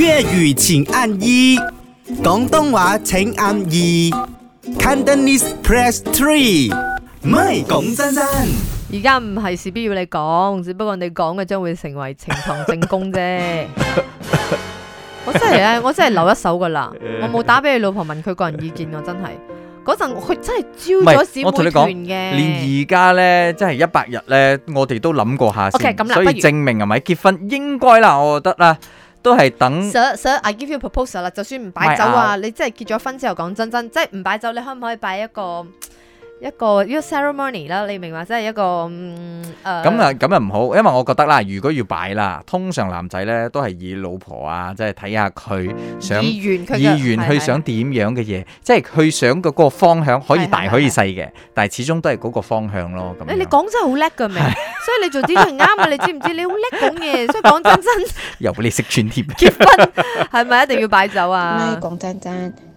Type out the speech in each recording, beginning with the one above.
粵語請按一，廣東話請按二，Cantonese press three，唔係講真真。而家唔係事必要你講，只不過你講嘅將會成為呈堂證供啫。我真係咧，我真係留一手噶啦，我冇打俾你老婆問佢個人意見，我真係。嗰陣佢真係招咗姊妹團嘅，連而家咧，真係一百日咧，我哋都諗過下先，所以證明係咪結婚應該啦？我覺得啦。都係等，Sir Sir，I give you a proposal 啦。就算唔擺酒啊，No. 你即係結咗婚之後講真真，即係唔擺酒，你可唔可以擺一個？一個一個 ceremony 啦，你明嘛？真係一個誒，咁、嗯、啊，咁又唔好，因為我覺得啦，如果要擺啦，通常男仔咧都係以老婆啊，即係睇下佢想意願，意願去想點樣嘅嘢，的即係佢想嗰個方向可以大可以細嘅，但係始終都係嗰個方向咯。咁，你講真係好叻㗎明，是的 所以你做啲嘅係啱啊！你知唔知你好叻講嘅？所以講真真由 你識穿貼 結婚係咪一定要擺酒啊？講真真。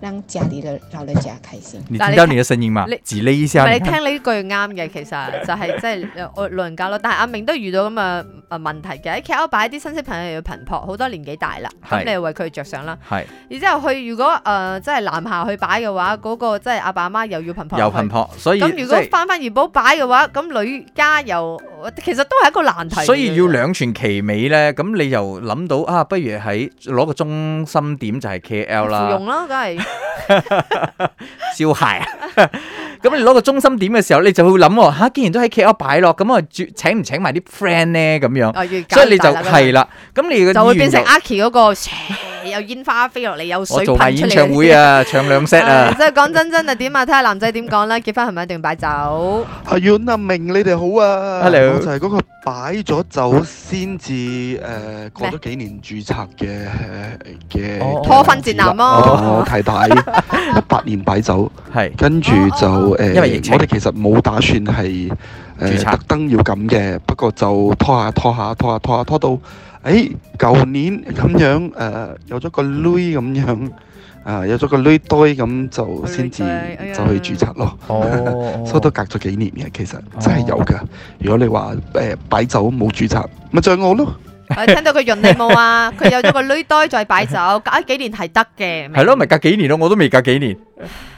讓家裏的老人家開心。你知道你，你的聲音嗎？你聽呢一你聽呢句啱嘅，其實就係即係我老人家囉。但係阿明都遇到咁啊。啊，問題嘅喺 KL 擺啲親戚朋友又要頻撲，好多年紀大啦，咁是你為佢着想啦。係是。然之後佢如果誒、呃、即係南下去擺嘅話，嗰、那個即係阿爸阿媽又要頻撲，又頻撲。所以咁如果翻翻怡保擺嘅話，咁以女家又其實都係一個難題。所以要兩全其美咧，咁你又諗到啊？不如喺攞個中心點就係 KL 啦。芙蓉啦，梗係。燒鞋啊！ 咁你攞個中心點嘅時候，你就會諗，喎、吓、既然都喺屋企擺落，咁啊，請唔請埋啲 friend 咧咁樣？哦、所以你就係啦，咁你就，就會變成阿 Key 嗰個。嗰有煙花飛落嚟，有水噴出嚟。我做埋演唱會啊，唱兩 set 啊。即係講真真啊，點啊？睇下男仔點講啦。結婚係咪一定要擺酒？阿阮，阿明你哋好啊。Hello。就係嗰個擺咗酒先至誒過咗幾年註冊嘅嘅拖婚戰男咯。太太一百年擺酒係。跟住就誒，因為我哋其實冇打算係誒特登要咁嘅，不過就拖下拖下拖下拖下拖到。誒、舊、哎、年咁樣誒、呃，有咗個女咁樣，啊、呃，有咗個女堆咁就先至、哎、就去註冊咯，哦、 所以都隔咗幾年嘅，其實真係有噶。哦、如果你話誒、呃、擺酒冇註冊，咪再我咯。我聽到佢潤你冇啊，佢有咗個女仔在擺酒，隔幾年係得嘅。係咯，咪隔幾年咯，我都未隔幾年。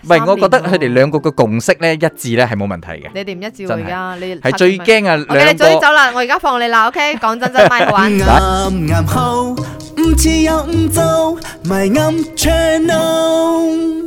喂，我覺得佢哋兩個嘅共識咧一致咧係冇問題嘅。你哋唔一致喎而家，你係最驚啊你哋。我哋你早啲走啦，我而家放你啦，OK？講真真，賣個關。